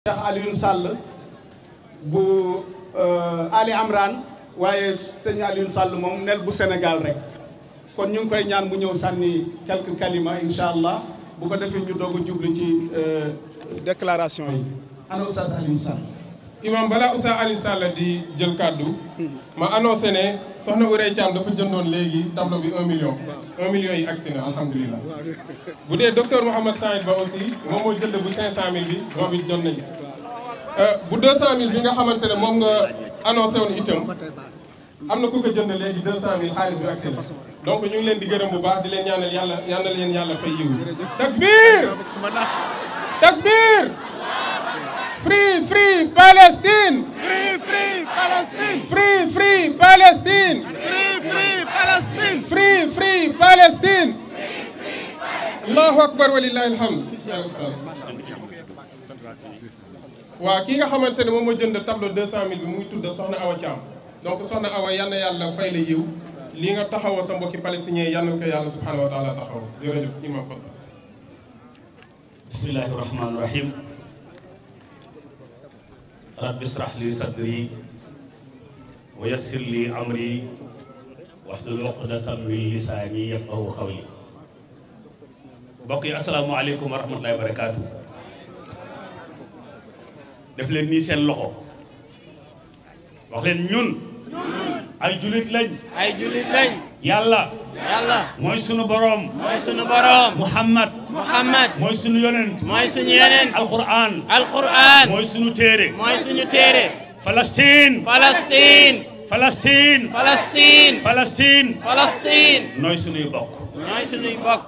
Cheikh Alioune Sall bu euh, Ali Amran waaye sëñ Alioune Sall moom nel bu Sénégal rek kon ñu ngi koy ñaan mu ñëw sànni quelques kalima incha allah bu ko defee ñu doog a jublu ci euh, déclaration yi. imam balaa Oustaz Alioune Sall di jël kàddu ma annoncé ne soxna Ourey Thiam dafa jëndoon léegi tableau bi un million un million yi agsi na alhamdulilah bu dee docteur Mouhamad Saïd Ba aussi moom moo jënd bu cinq cent bi moom it jot nañ euh, bu deux cent bi nga xamante ne moom nga annoncé woon itam am na ku ko jënd léegi deux cent mille xaalis bi agsi na donc ñu leen di gërëm bu baax di leen ñaanal yàlla yàlla leen yàlla fay yiwu takbir Free, free Palestine. Free, free Palestine. Free, free Palestine. Free, free Palestine. Free, Palestine. allahu akbar walillahi alhamd. waaw ki nga xamante ne moom moo jënd tableau 200000 bi muy tudd Soxna Awa Thiam donc Soxna Awa yal na yàlla fay la yiw li nga taxawoo sa mbokki palestiniens yal na ko yàlla subhanahu wa taala taxaw jërëjëf imam Fadla. bismillahi rahmaani rahim. rabbi israh li sadri wa yassir li amri waxlul uqdatan min lisaani yafqahu qawli mbokk yi asalaamaaleykum wa rahmatullahi wa barakaatu def leen nii seen loxo wax leen ñun ay julit lañ ay julit lañ yàlla yàlla mooy sunu boroom mooy sunu boroom muhammad Muhammad mooy sunu yonent mooy sunu yonent alquran alquran mooy sunu téere mooy sunu téere Palestine Palestine Palestine Palestine Palestine Palestine nooy sunuy bokk nooy sunuy bokk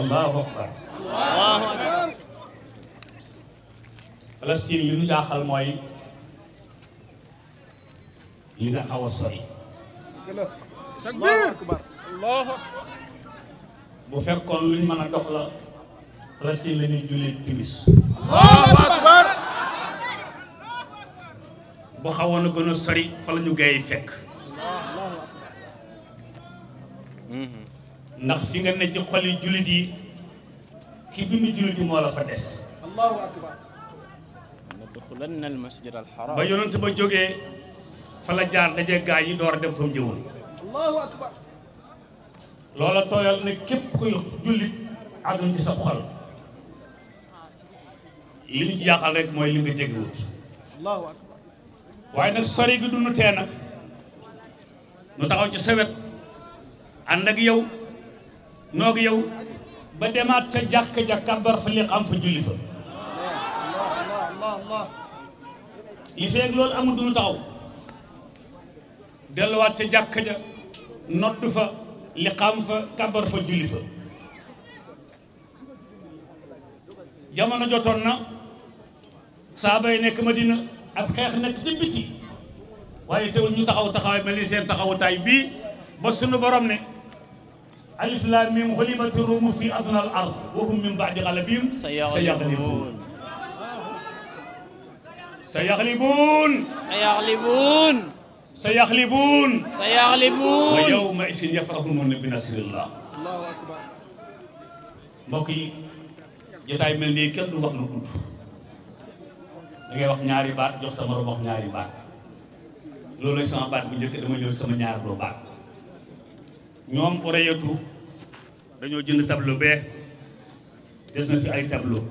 allahu akbar allahu akbar Palestine li ñu jaaxal mooy li nga xaw a sori takbir allahu akbar bu fekkoon luñ mën a dox la Palestine la ñuy jullee timis Allahu akbar bu xawoon na gën a sori fa la ñu gay fekk ndax fi nga ne ci xol yi jullit yi ki bi jullit yi moo la fa def Allahu akbar nadxulanna al masjid al haram ba yonent ba jógee fa la jaar daje gaa yi door a dem fa mu jëwoon loola tooyal ne képp kuy jullit àgg na ci sab li ñu jaaxal rek mooy li nga jegewut waaye nag sori gi dunu tee nag nu taxaw ci sawet ànd ak yow noog yow ba demaat ca jàkk ja kàbbar fa li xam fa julli fa li feeg loolu amul dunu taxaw delluwaat ca jàkk fa li xam fa kabar fa julli fa jamono jotoon na yi nekk Madina ab xeex nekk ci biti waaye teewul ñu taxaw taxawaay mel ni seen taxawutaay bii ba sunu borom ne alif laam miim xulibati fi adnal ard wa hum min baadi xalabihim sa sayaxlibuun sayaxlibuun wa yawma isin yafrahuuna bi nasrillah mbokk yi jotaay mel nii kenn du wax lu gudd da wax ñaari baat jox sa morom wax ñaari baat loolu sama baat bu njëkk dama ñëw sama ñaar loo baat ñoom oreyatu dañoo jënd tableau bee des na fi ay tableau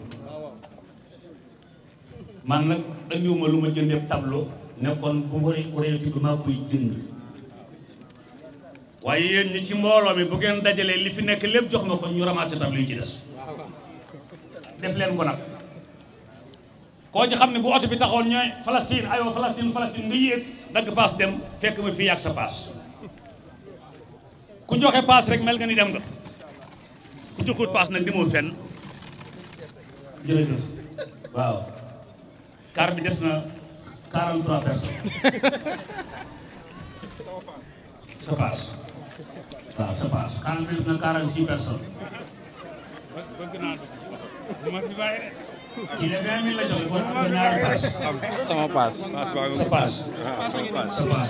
man nag dañu ma lu ma jëndee tableau ne bu waree kuréel gi damaa koy jënd waaye yéen ñi ci mbooloo bi bu ngeen dajalee li fi nekk lépp jox na ko ñu ramassé tableau yi ci des def leen ko nag koo ci xam ne bu oto bi taxoon ñooy Palestine aywa Palestine Palestine nga yéeg dagg paas dem fekk ma fii ak sa paas ku joxe paas rek mel nga ni dem nga ku joxut paas nag demoo fenn jërëjëf bi des na 43 personnes. ça sa pass. sa pass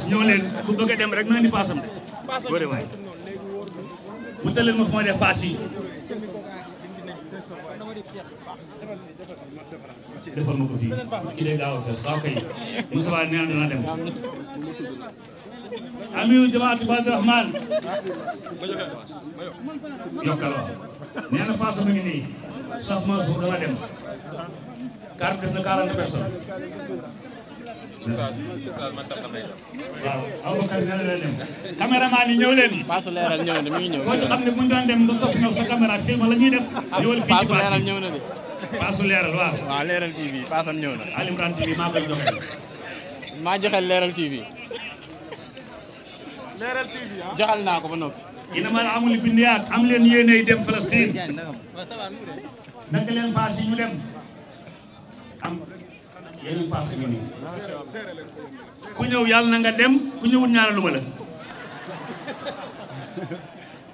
ñëw leen ku bëgg a dem rek na indi passam de. boole waay. mu tëleel ma defal ma ko fii a nee na dana dem ngi nii sax ma suuf dem car def na quarante personnes waaw Aboubacar nee na dem caméraman yi ñëw leen paasu leeral ñëw na mi ngi ñëw kon xam ne bu ñu doon dem nga topp ñëw sa caméra film la ñuy def ah, ñëwal fii ci paasu leeral waaw. waaw leeral TV paasam ñëw na. Ali TV maa koy joxe. maa joxe leeral TV. leeral TV ah. joxal naa ko ba noppi. inamal amul bindiyaat am leen yéenay dem Palestine. naka leen paas yi ñu dem. am yeneen paas ku ñëw yàlla na nga dem ku ñëwul ñaara lu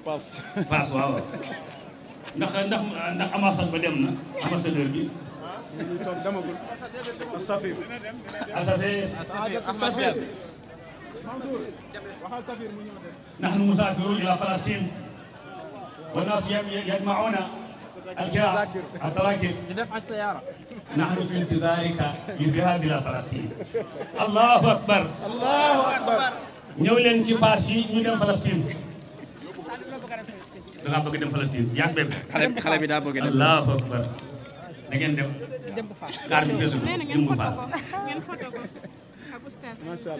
paas paas ndax ndax ndax ambassade ba dem na ambassadeur bi. demagul asafir asafir نحن مسافرون إلى فلسطين والناس يجمعون الجاع التراكب لدفع السيارة نحن في انتظارك للذهاب إلى فلسطين الله أكبر الله أكبر نولن تي بارسي نيدم فلسطين da ngaa bëgg dem Palestine yaa ngi bébé. xale bi daa bëgg dem allahu akbar da ngeen dem. kaar bi feesul jëmb faal.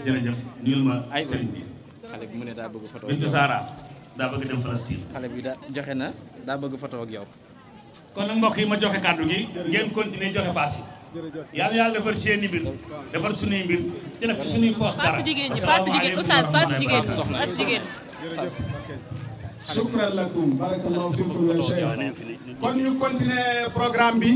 jërëjëf nuyul ma sëriñ bi. xale bi mu ne daa bëgg photo Bintu Sara daa bëgg dem Palestine. xale bi da joxe na daa bëgg photo ak yow. kon nag ma joxe kàddu gi ngeen continuer joxe paas yi. yàlla yàlla defar seen i mbir defar suñuy ci nag ci suñuy jigéen ñi paas jigéen oustaz paas jigéen shukran lakum barakallahu fikum ya cheikh kon ñu continuer programme bi